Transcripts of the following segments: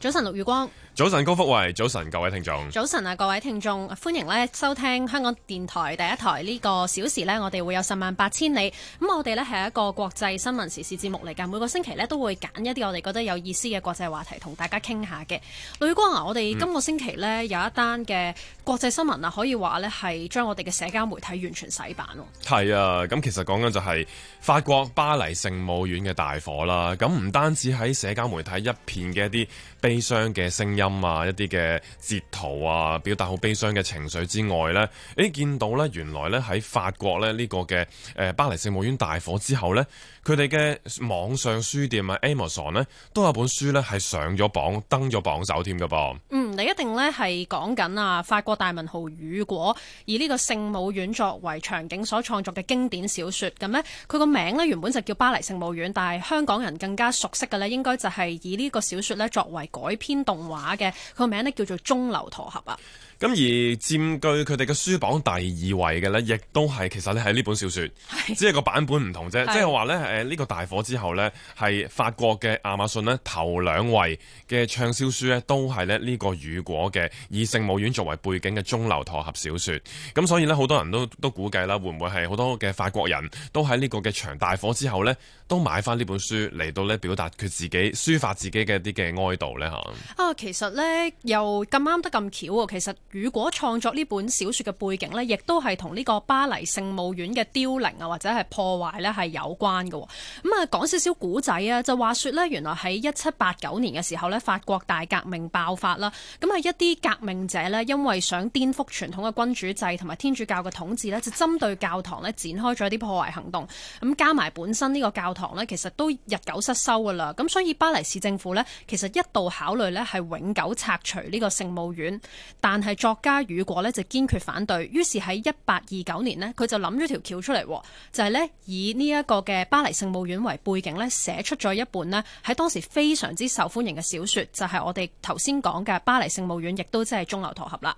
早晨，六月光。早晨，高福慧，早晨各位聽眾。早晨啊，各位聽眾，歡迎咧收聽香港電台第一台呢個小時咧，我哋會有十萬八千里。咁我哋咧係一個國際新聞時事節目嚟噶，每個星期咧都會揀一啲我哋覺得有意思嘅國際話題同大家傾下嘅。呂光啊，我哋今個星期咧有一單嘅國際新聞啊，可以話咧係將我哋嘅社交媒體完全洗版。係、嗯嗯、啊，咁其實講緊就係法國巴黎聖母院嘅大火啦。咁唔單止喺社交媒體一片嘅一啲悲傷嘅聲音。啊！一啲嘅截圖啊，表達好悲傷嘅情緒之外呢，誒見到呢，原來呢喺法國咧呢、呢個嘅誒、呃、巴黎聖母院大火之後呢。佢哋嘅網上書店啊，Amazon 咧，都有本書呢係上咗榜，登咗榜首添㗎噃。嗯，你一定呢係講緊啊法國大文豪雨果以呢個聖母院作為場景所創作嘅經典小説。咁呢，佢個名呢原本就叫巴黎聖母院，但係香港人更加熟悉嘅呢應該就係以呢個小説呢作為改編動畫嘅，佢個名呢叫做《鐘樓駝俠》啊。咁而佔據佢哋嘅書榜第二位嘅呢，亦都係其實呢係呢本小說 只係個版本唔同啫。即係話呢呢、呢個大火之後呢，係法國嘅亞馬遜呢頭兩位嘅暢銷書呢，都係呢個雨果嘅以聖母院作為背景嘅鐘樓駝俠小說，咁所以呢，好多人都都估計啦，會唔會係好多嘅法國人都喺呢個嘅場大火之後呢，都買翻呢本書嚟到呢，表達佢自己抒發自己嘅啲嘅哀悼呢？嚇。啊，其實呢，又咁啱得咁巧喎，其實。如果創作呢本小説嘅背景呢，亦都係同呢個巴黎聖母院嘅凋零啊，或者係破壞呢係有關嘅。咁啊，講少少古仔啊，就話說呢，原來喺一七八九年嘅時候呢，法國大革命爆發啦。咁啊，一啲革命者呢，因為想顛覆傳統嘅君主制同埋天主教嘅統治呢，就針對教堂呢，展開咗一啲破壞行動。咁加埋本身呢個教堂呢，其實都日久失修噶啦。咁所以巴黎市政府呢，其實一度考慮呢，係永久拆除呢個聖母院，但係，作家雨果呢，就堅決反對，於是喺一八二九年呢，佢就諗咗條橋出嚟，就係、是、呢以呢一個嘅巴黎聖母院為背景呢寫出咗一本呢喺當時非常之受歡迎嘅小說，就係、是、我哋頭先講嘅《巴黎聖母院》，亦都即係鐘樓駝俠啦。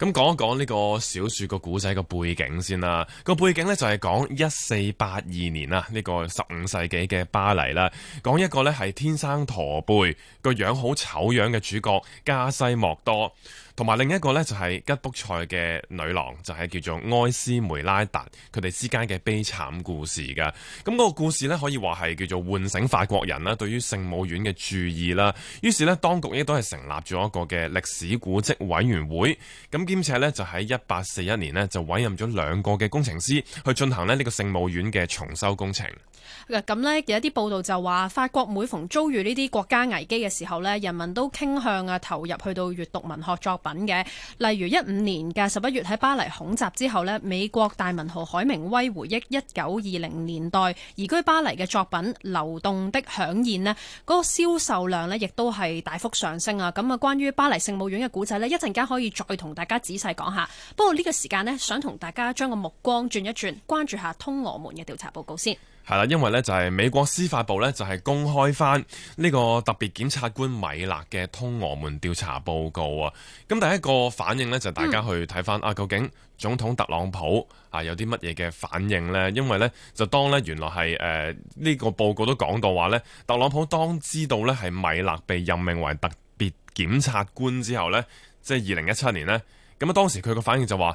咁講一講呢個小說個古仔個背景先啦。個背景呢，就係講一四八二年啦，呢個十五世紀嘅巴黎啦，講一個呢，係天生駝背個樣好醜樣嘅主角加西莫多，同埋另一個呢，就係吉卜賽嘅女郎，就係叫做埃斯梅拉達，佢哋之間嘅悲慘故事噶。咁嗰個故事呢，可以話係叫做喚醒法國人啦，對於聖母院嘅注意啦。於是呢，當局亦都係成立咗一個嘅歷史古蹟委員會，咁。兼且呢，就喺一八四一年呢，就委任咗兩個嘅工程師去進行呢呢個聖母院嘅重修工程。咁呢，有一啲報道就話法國每逢遭遇呢啲國家危機嘅時候呢，人民都傾向啊投入去到閱讀文學作品嘅。例如一五年嘅十一月喺巴黎恐襲之後呢，美國大文豪海明威回憶一九二零年代移居巴黎嘅作品《流動的響宴》呢個銷售量呢亦都係大幅上升啊。咁啊，關於巴黎聖母院嘅古仔呢一陣間可以再同大家。仔細講下，不過呢個時間呢，想同大家將個目光轉一轉，關注下通俄門嘅調查報告先。係啦，因為呢就係、是、美國司法部呢，就係、是、公開翻呢個特別檢察官米勒嘅通俄門調查報告啊。咁第一個反應呢，就是、大家去睇翻、嗯、啊，究竟總統特朗普啊有啲乜嘢嘅反應呢？因為呢，就當呢，原來係誒呢個報告都講到話呢，特朗普當知道呢係米勒被任命為特別檢察官之後呢，即係二零一七年呢。咁啊，當時佢個反應就話，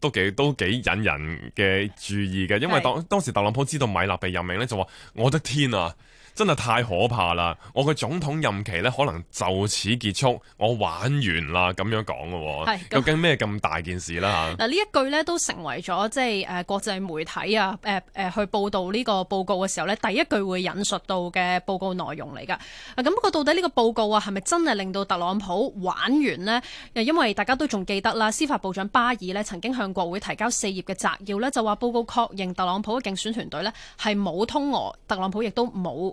都幾都幾引人嘅注意嘅，因為當當時特朗普知道米勒被任命咧，就話我的天啊！真係太可怕啦！我嘅總統任期咧，可能就此結束，我玩完啦，咁樣講嘅喎。究竟咩咁大件事咧？嗱，呢一句咧都成為咗即係誒國際媒體啊誒、呃呃、去報道呢個報告嘅時候咧，第一句會引述到嘅報告內容嚟㗎。咁不過到底呢個報告啊，係咪真係令到特朗普玩完呢？因為大家都仲記得啦，司法部長巴爾咧曾經向國會提交四頁嘅摘要咧，就話報告確認特朗普嘅競選團隊咧係冇通俄，特朗普亦都冇。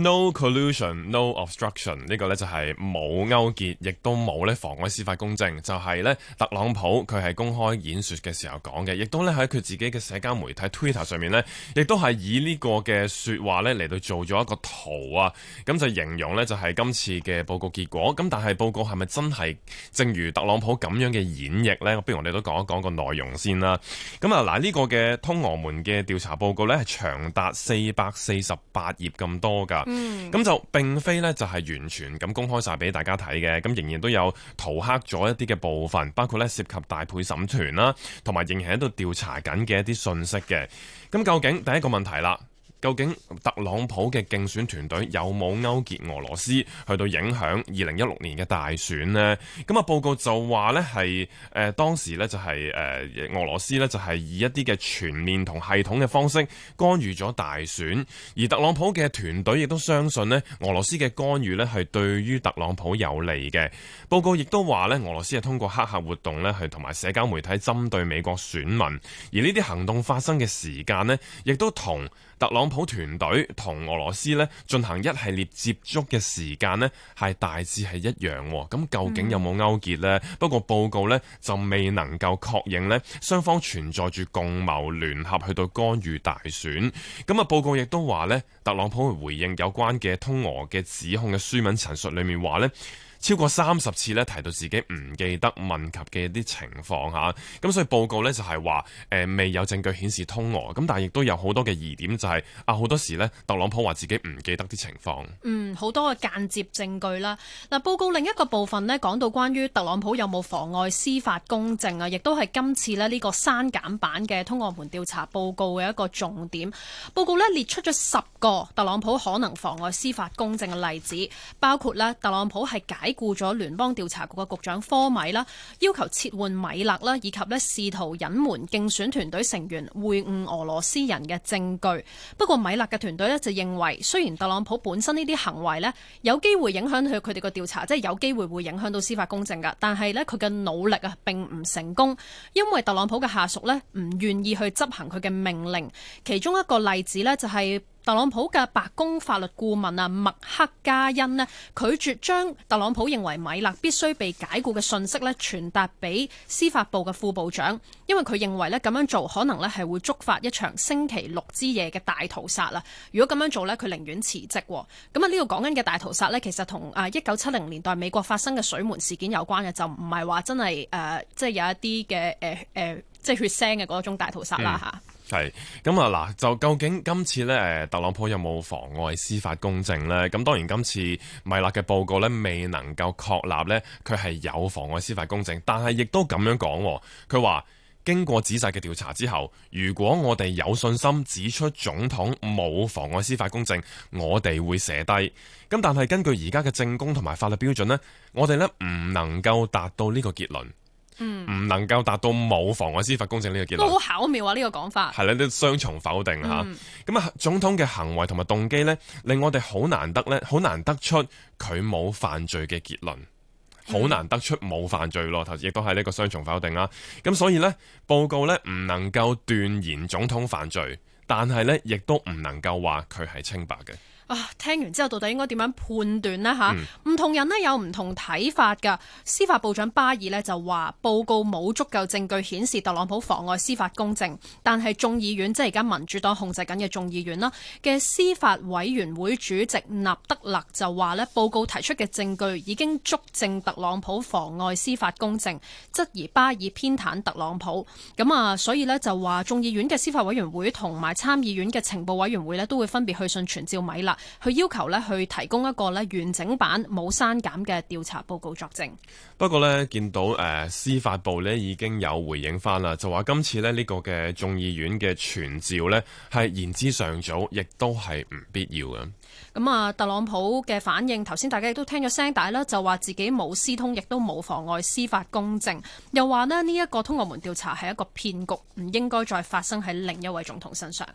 No collusion, no obstruction 呢個呢就係冇勾結，亦都冇呢妨礙司法公正，就係呢特朗普佢係公開演說嘅時候講嘅，亦都呢喺佢自己嘅社交媒體 Twitter 上面呢，亦都係以呢個嘅說話呢嚟到做咗一個圖啊，咁就形容呢就係今次嘅報告結果。咁但係報告係咪真係正如特朗普咁樣嘅演繹呢？不如我哋都講一講個內容先啦。咁啊嗱，呢個嘅通俄門嘅調查報告呢，係長達四百四十八頁咁多噶。嗯，咁就並非呢，就係完全咁公開晒俾大家睇嘅，咁仍然都有塗黑咗一啲嘅部分，包括呢涉及大陪審團啦，同埋仍然喺度調查緊嘅一啲信息嘅。咁究竟第一個問題啦。究竟特朗普嘅競選團隊有冇勾結俄羅斯去到影響二零一六年嘅大選呢？咁啊，報告就話咧係誒當時咧就係、是、誒、呃、俄羅斯咧就係以一啲嘅全面同系統嘅方式干預咗大選，而特朗普嘅團隊亦都相信咧俄羅斯嘅干預咧係對於特朗普有利嘅。報告亦都話咧俄羅斯係通過黑客活動咧係同埋社交媒體針對美國選民，而呢啲行動發生嘅時間咧亦都同特朗普特朗普團隊同俄羅斯進行一系列接觸嘅時間咧，大致係一樣。咁究竟有冇勾結呢、嗯？不過報告呢就未能夠確認呢雙方存在住共謀，聯合去到干預大選。咁啊，報告亦都話呢，特朗普回應有關嘅通俄嘅指控嘅書面陳述裏面話超過三十次咧，提到自己唔記得問及嘅啲情況吓，咁所以報告咧就係話、呃、未有證據顯示通俄咁，但係亦都有好多嘅疑點、就係，就係啊好多時咧，特朗普話自己唔記得啲情況。嗯，好多嘅間接證據啦。嗱，報告另一個部分咧，講到關於特朗普有冇妨礙司法公正啊，亦都係今次咧呢個刪減版嘅通俄門調查報告嘅一個重點。報告咧列出咗十個特朗普可能妨礙司法公正嘅例子，包括特朗普係解雇咗聯邦調查局嘅局長科米啦，要求撤換米勒啦，以及呢試圖隱瞞競選團隊成員會晤俄羅斯人嘅證據。不過米勒嘅團隊呢，就認為，雖然特朗普本身呢啲行為呢，有機會影響佢佢哋個調查，即係有機會會影響到司法公正㗎，但係呢，佢嘅努力啊並唔成功，因為特朗普嘅下屬呢唔願意去執行佢嘅命令。其中一個例子呢，就係。特朗普嘅白宮法律顧問啊，麥克加恩咧，拒絕將特朗普認為米勒必須被解雇嘅信息咧，傳達俾司法部嘅副部長，因為佢認為咧，咁樣做可能咧係會觸發一場星期六之夜嘅大屠殺啦。如果咁樣做咧，佢寧願辭職。咁啊，呢度講緊嘅大屠殺咧，其實同啊一九七零年代美國發生嘅水門事件有關嘅，就唔係話真係誒，即、呃、係、即係、有一啲嘅誒誒，即、呃、係、呃即係、血腥嘅嗰種大屠殺啦嚇。嗯係咁啊！嗱，就究竟今次咧，特朗普有冇妨礙司法公正呢？咁當然今次米勒嘅報告咧，未能夠確立咧，佢係有妨礙司法公正。但係亦都咁樣講，啊，佢話經過仔細嘅調查之後，如果我哋有信心指出總統冇妨礙司法公正，我哋會寫低。咁但係根據而家嘅證供同埋法律標準呢，我哋咧唔能夠達到呢個結論。嗯，唔能夠達到冇妨礙司法公正呢個結論，好巧妙啊呢，這個講法係咧，都雙重否定吓。咁、嗯、啊，總統嘅行為同埋動機呢，令我哋好難得呢，好難得出佢冇犯罪嘅結論，好難得出冇犯罪咯。頭先亦都係呢個雙重否定啦。咁、啊、所以呢，報告呢，唔能夠斷言總統犯罪，但係呢，亦都唔能夠話佢係清白嘅。啊！聽完之後，到底應該點樣判斷呢？嚇、嗯，唔同人有唔同睇法㗎。司法部長巴爾呢就話報告冇足夠證據顯示特朗普妨礙司法公正，但係眾議院，即係而家民主黨控制緊嘅眾議院啦嘅司法委員會主席納德勒就話呢，報告提出嘅證據已經足證特朗普妨礙司法公正，質疑巴爾偏袒特朗普。咁啊，所以呢，就話眾議院嘅司法委員會同埋參議院嘅情報委員會呢，都會分別去信傳召米勒。佢要求呢，去提供一個呢完整版冇刪減嘅調查報告作證。不過呢，見到誒、呃、司法部呢已經有回應翻啦，就話今次呢呢個嘅眾議院嘅傳召呢，係言之尚早，亦都係唔必要嘅。咁啊，特朗普嘅反應，頭先大家亦都聽咗聲帶啦，就話自己冇私通，亦都冇妨礙司法公正，又話呢呢一個通俄門調查係一個騙局，唔應該再發生喺另一位總統身上。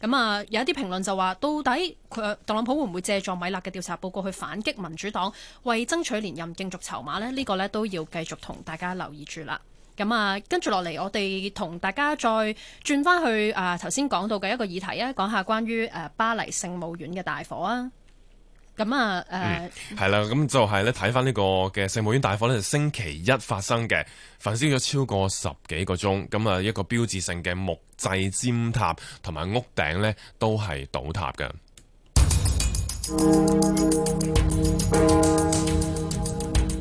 咁啊，有一啲評論就話，到底佢特朗普會唔會借助米勒嘅調查報告去反擊民主黨，為爭取連任競逐籌碼呢？呢、呢個呢，都要繼續同大家留意住啦。咁啊，跟住落嚟，我哋同大家再轉翻去啊頭先講到嘅一個議題啊，講下關於、啊、巴黎聖母院嘅大火啊。咁啊，誒、呃，係、嗯、啦，咁就係咧睇返呢個嘅聖母院大火咧，就星期一發生嘅，焚燒咗超過十幾個鐘，咁啊一個標誌性嘅木製尖塔同埋屋頂咧都係倒塌嘅。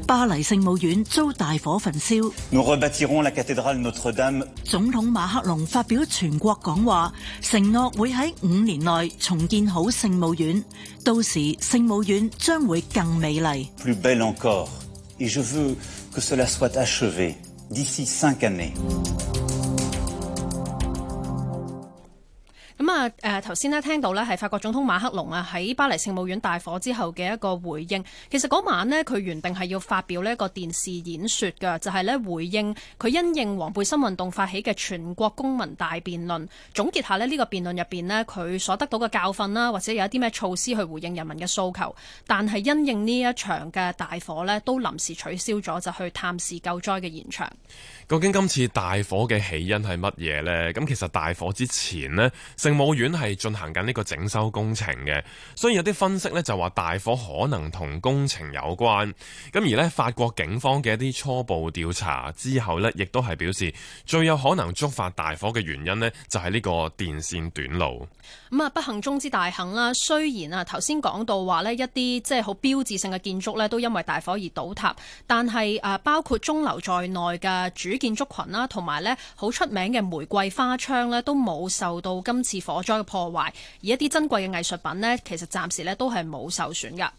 巴黎聖母院遭大火焚燒。總統馬克龍發表全國講話，承諾會喺五年內重建好聖母院，到時聖母院將會更美麗。啊、呃！誒頭先咧聽到咧，係法國總統馬克龍啊，喺巴黎聖母院大火之後嘅一個回應。其實嗰晚咧，佢原定係要發表呢一個電視演説嘅，就係、是、呢回應佢因應黃背心運動發起嘅全國公民大辯論，總結下咧呢個辯論入邊呢佢所得到嘅教訓啦，或者有一啲咩措施去回應人民嘅訴求。但係因應呢一場嘅大火呢，都臨時取消咗，就去探視救災嘅現場。究竟今次大火嘅起因係乜嘢呢？咁其實大火之前呢，聖母院係進行緊呢個整修工程嘅，所以有啲分析咧就話大火可能同工程有關。咁而咧法國警方嘅一啲初步調查之後咧，亦都係表示最有可能觸發大火嘅原因咧，就係呢個電線短路。咁啊，不幸中之大幸啦。雖然啊，頭先講到話咧一啲即係好標誌性嘅建築咧都因為大火而倒塌，但係啊，包括鐘樓在內嘅主建築群啦，同埋咧好出名嘅玫瑰花窗咧都冇受到今次火。災嘅破壞，而一啲珍貴嘅藝術品咧，其實暫時咧都係冇受損噶。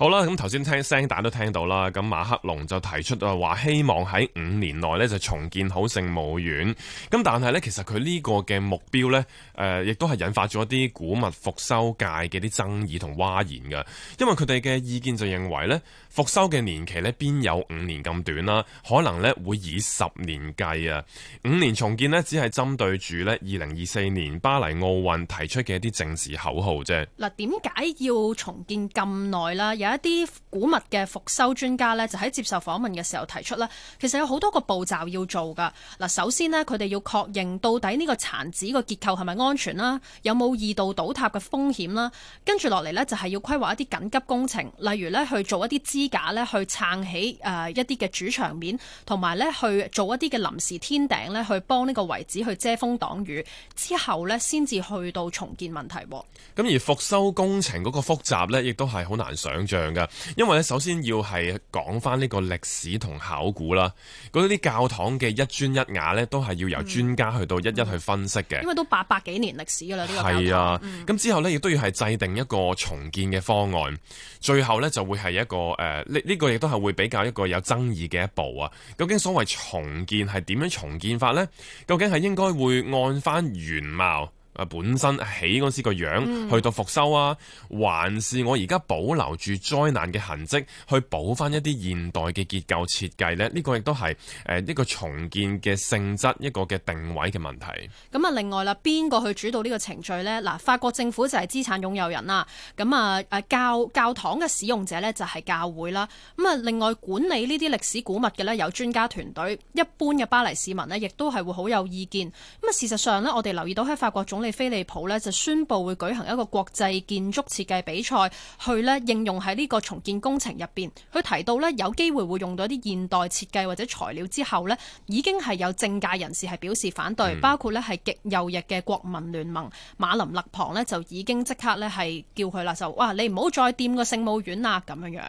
好啦，咁頭先聽聲，大家都聽到啦。咁馬克龍就提出話希望喺五年內呢就重建好聖母院。咁但係呢，其實佢呢個嘅目標呢，誒，亦都係引發咗一啲古物復修界嘅啲爭議同嘩然嘅。因為佢哋嘅意見就認為呢，復修嘅年期呢，邊有五年咁短啦？可能呢會以十年計啊。五年重建呢，只係針對住呢二零二四年巴黎奧運提出嘅一啲政治口號啫。嗱，點解要重建咁耐啦？一啲古物嘅復修專家呢，就喺接受訪問嘅時候提出咧，其實有好多個步驟要做㗎。嗱，首先呢，佢哋要確認到底呢個殘址個結構係咪安全啦，有冇二度倒塌嘅風險啦。跟住落嚟呢，就係要規劃一啲緊急工程，例如呢去做一啲支架呢，去撐起誒一啲嘅主牆面，同埋呢去做一啲嘅臨時天頂呢，去幫呢個遺址去遮風擋雨。之後呢，先至去到重建問題。咁而復修工程嗰個複雜咧，亦都係好難想像。嘅，因為咧，首先要係講翻呢個歷史同考古啦，嗰啲教堂嘅一磚一瓦咧，都係要由專家去到一一去分析嘅、嗯。因為都八百幾年歷史噶啦，呢個係啊，咁、嗯、之後咧亦都要係制定一個重建嘅方案，最後咧就會係一個誒，呢、呃、呢、這個亦都係會比較一個有爭議嘅一步啊。究竟所謂重建係點樣重建法咧？究竟係應該會按翻原貌？本身起嗰時個樣去到復修啊，還是我而家保留住災難嘅痕跡，去補返一啲現代嘅結構設計呢？呢、呢個亦都係誒一個重建嘅性質，一個嘅定位嘅問題。咁啊，另外啦，邊個去主導呢個程序呢？嗱，法國政府就係資產擁有人啦。咁啊，誒教教堂嘅使用者呢，就係教會啦。咁啊，另外管理呢啲歷史古物嘅呢，有專家團隊，一般嘅巴黎市民呢，亦都係會好有意見。咁啊，事實上呢，我哋留意到喺法國總理，菲利普咧就宣布會舉行一個國際建築設計比賽，去咧應用喺呢個重建工程入邊。佢提到咧有機會會用到一啲現代設計或者材料，之後呢已經係有政界人士係表示反對，包括呢係極右翼嘅國民聯盟馬林勒龐呢，就已經即刻咧係叫佢啦，就哇，你唔好再掂個聖母院啦咁樣樣。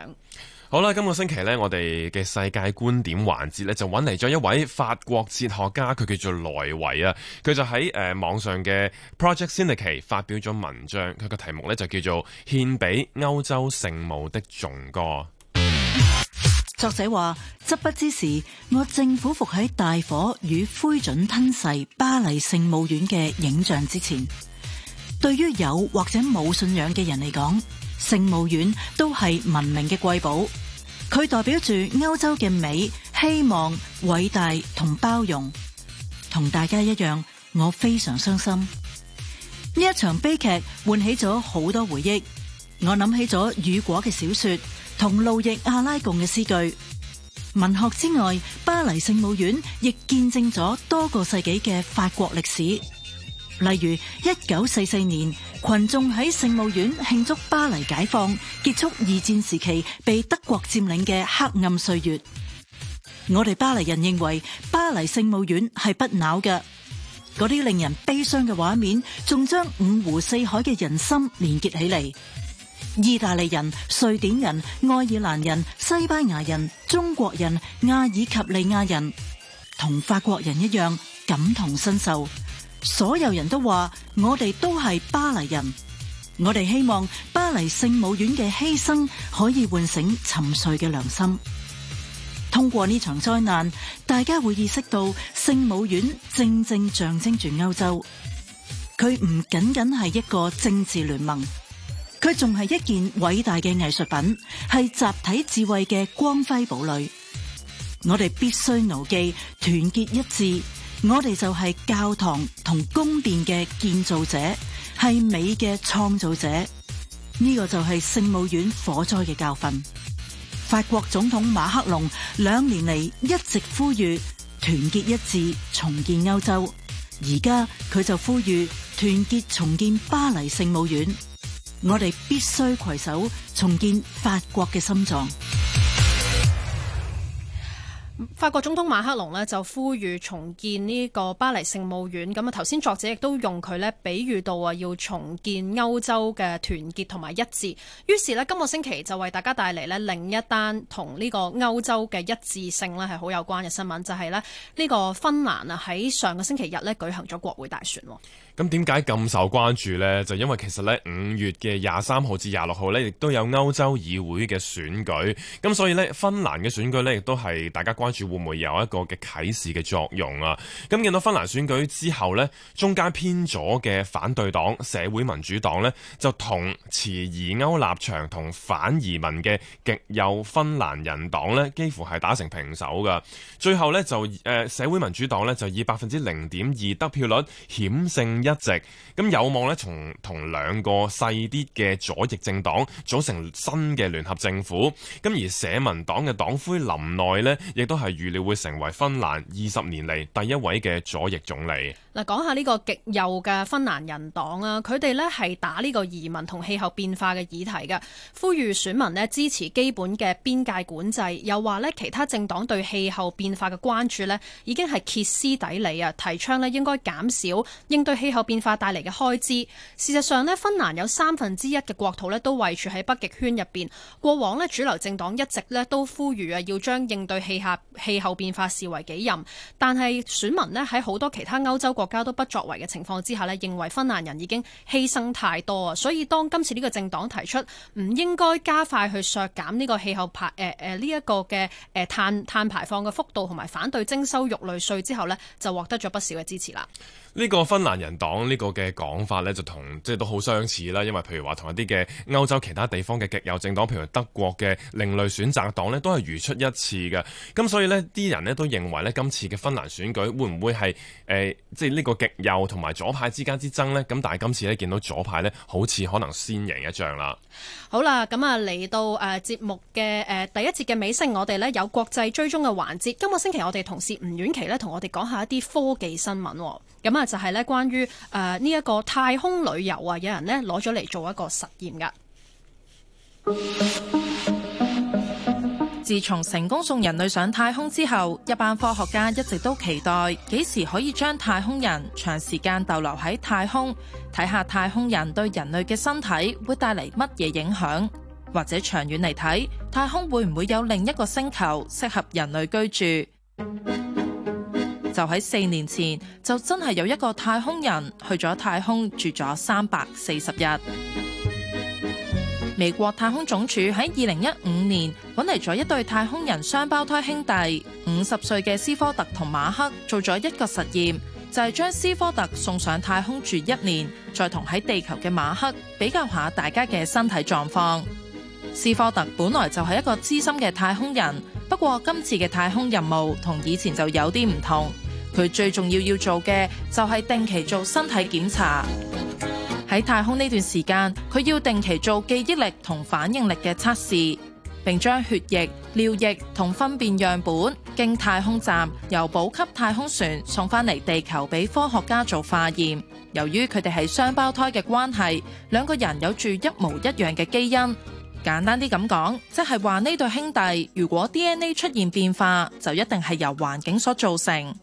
好啦，今個星期呢，我哋嘅世界觀點環節呢，就搵嚟咗一位法國哲學家，佢叫做萊維啊。佢就喺誒、呃、網上嘅 Project Syndicate 發表咗文章，佢個題目呢，就叫做《獻俾歐洲聖母的頌歌》。作者話：執筆之時，我正俯伏喺大火與灰燼吞噬巴黎聖母院嘅影像之前。對於有或者冇信仰嘅人嚟講，聖母院都係文明嘅瑰寶，佢代表住歐洲嘅美、希望、偉大同包容。同大家一樣，我非常傷心。呢一場悲劇喚起咗好多回憶，我諗起咗雨果嘅小說同路易阿拉貢嘅詩句。文學之外，巴黎聖母院亦見證咗多個世紀嘅法國歷史。例如一九四四年，群眾喺聖母院慶祝巴黎解放，結束二戰時期被德國佔領嘅黑暗歲月。我哋巴黎人認為巴黎聖母院係不朽嘅，嗰啲令人悲傷嘅畫面，仲將五湖四海嘅人心連結起嚟。意大利人、瑞典人、愛爾蘭人、西班牙人、中國人、阿爾及利亞人，同法國人一樣，感同身受。所有人都話我哋都係巴黎人，我哋希望巴黎聖母院嘅犧牲可以喚醒沉睡嘅良心。通過呢場災難，大家會意識到聖母院正正象徵住歐洲，佢唔僅僅係一個政治聯盟，佢仲係一件偉大嘅藝術品，係集體智慧嘅光輝堡壘。我哋必須牢記團結一致。我哋就係教堂同宮殿嘅建造者，係美嘅創造者。呢個就係聖母院火災嘅教訓。法國總統馬克龍兩年嚟一直呼籲團結一致重建歐洲，而家佢就呼籲團結重建巴黎聖母院。我哋必須攜手重建法國嘅心臟。法國總統馬克龍呢就呼籲重建呢個巴黎聖母院，咁啊頭先作者亦都用佢呢比喻到啊，要重建歐洲嘅團結同埋一致。於是呢，今個星期就為大家帶嚟呢另一單同呢個歐洲嘅一致性呢係好有關嘅新聞，就係呢呢個芬蘭啊喺上個星期日呢舉行咗國會大選。咁點解咁受關注呢？就因為其實咧，五月嘅廿三號至廿六號呢，亦都有歐洲議會嘅選舉，咁所以呢，芬蘭嘅選舉呢，亦都係大家關注會唔會有一個嘅啟示嘅作用啊！咁見到芬蘭選舉之後呢，中間偏左嘅反對黨社會民主黨呢，就同持疑歐立場同反移民嘅極右芬蘭人黨呢，幾乎係打成平手嘅。最後呢，就誒社會民主黨呢，就以百分之零點二得票率險勝。一直咁有望咧，從同兩個細啲嘅左翼政黨組成新嘅聯合政府。咁而社民黨嘅黨魁林奈咧，亦都係預料會成為芬蘭二十年嚟第一位嘅左翼總理。嗱，講下呢個極右嘅芬蘭人黨啊，佢哋咧係打呢個移民同氣候變化嘅議題嘅，呼籲選民咧支持基本嘅邊界管制，又話咧其他政黨對氣候變化嘅關注咧已經係歇斯底里啊，提倡咧應該減少應對氣。氣候變化帶嚟嘅開支，事實上呢，芬蘭有三分之一嘅國土呢都位處喺北極圈入邊。過往呢，主流政黨一直呢都呼籲啊，要將應對氣候氣候變化視為己任。但係選民呢喺好多其他歐洲國家都不作為嘅情況之下呢，認為芬蘭人已經犧牲太多啊。所以，當今次呢個政黨提出唔應該加快去削減呢個氣候排誒誒呢一個嘅誒、呃、碳碳排放嘅幅度，同埋反對徵收肉類稅之後呢，就獲得咗不少嘅支持啦。呢、這個芬蘭人黨呢個嘅講法呢，就同即係都好相似啦。因為譬如話，同一啲嘅歐洲其他地方嘅極右政黨，譬如德國嘅另類選擇黨呢都係如出一轍嘅。咁所以呢啲人呢，都認為呢今次嘅芬蘭選舉會唔會係誒、呃，即係呢個極右同埋左派之間之爭呢？咁但係今次呢，見到左派呢，好似可能先贏一仗啦。好啦，咁啊嚟到誒、呃、節目嘅、呃、第一節嘅尾聲，我哋呢有國際追蹤嘅環節。今個星期我哋同事吳沅琪呢，同我哋講一下一啲科技新聞咁、哦、啊。就係、是、咧，關於誒呢一個太空旅遊啊，有人咧攞咗嚟做一個實驗㗎。自從成功送人類上太空之後，一班科學家一直都期待幾時可以將太空人長時間逗留喺太空，睇下太空人對人類嘅身體會帶嚟乜嘢影響，或者長遠嚟睇，太空會唔會有另一個星球適合人類居住？就喺四年前，就真係有一個太空人去咗太空住咗三百四十日。美國太空總署喺二零一五年搵嚟咗一對太空人雙胞胎兄弟，五十歲嘅斯科特同馬克做咗一個實驗，就係將斯科特送上太空住一年，再同喺地球嘅馬克比較下大家嘅身體狀況。斯科特本來就係一個資深嘅太空人，不過今次嘅太空任務同以前就有啲唔同。佢最重要要做嘅就係定期做身體檢查。喺太空呢段時間，佢要定期做記憶力同反應力嘅測試，並將血液、尿液同糞便樣本經太空站由補給太空船送返嚟地球，俾科學家做化驗。由於佢哋係雙胞胎嘅關係，兩個人有住一模一樣嘅基因。簡單啲咁講，即係話呢對兄弟如果 DNA 出現變化，就一定係由環境所造成。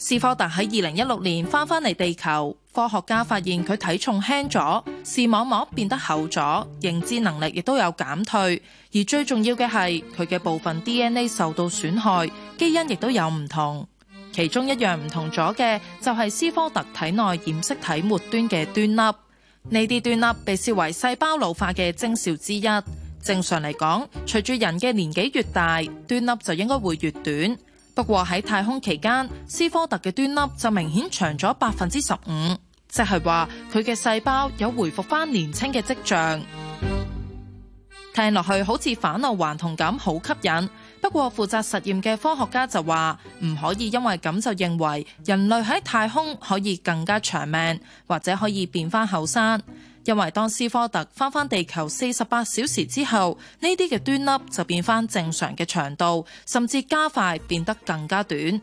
斯科特喺二零一六年翻返嚟地球，科學家發現佢體重輕咗，視網膜變得厚咗，認知能力亦都有減退，而最重要嘅係佢嘅部分 DNA 受到損害，基因亦都有唔同。其中一樣唔同咗嘅就係斯科特體內染色體末端嘅端粒，呢啲端粒被視為細胞老化嘅徵兆之一。正常嚟講，隨住人嘅年紀越大，端粒就應該會越短。不過喺太空期間，斯科特嘅端粒就明顯長咗百分之十五，即係話佢嘅細胞有回復翻年輕嘅跡象。 聽落去好似返老還童咁，好吸引。不過負責實驗嘅科學家就話，唔可以因為咁就認為人類喺太空可以更加長命，或者可以變翻後生。因為當斯科特翻返地球四十八小時之後，呢啲嘅端粒就變翻正常嘅長度，甚至加快變得更加短。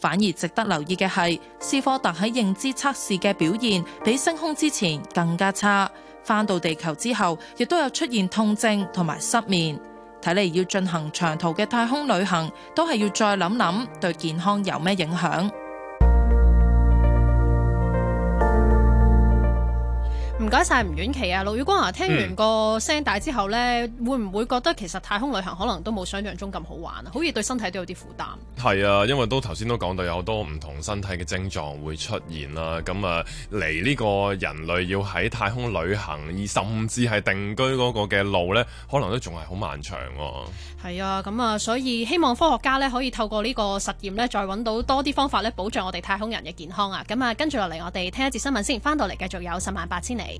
反而值得留意嘅係，斯科特喺認知測試嘅表現比升空之前更加差。翻到地球之後，亦都有出現痛症同埋失眠。睇嚟要進行長途嘅太空旅行，都係要再諗諗對健康有咩影響。唔該晒，吳沅琪啊！盧宇光啊，聽完個聲帶之後呢，嗯、會唔會覺得其實太空旅行可能都冇想像中咁好玩啊？好似對身體都有啲負擔。係啊，因為都頭先都講到有好多唔同身體嘅症狀會出現啦。咁啊，嚟呢、啊、個人類要喺太空旅行而甚至係定居嗰個嘅路呢，可能都仲係好漫長。係啊，咁啊，啊，所以希望科學家呢，可以透過呢個實驗呢，再揾到多啲方法呢，保障我哋太空人嘅健康啊！咁啊，跟住落嚟我哋聽一節新聞先，翻到嚟繼續有十萬八千里。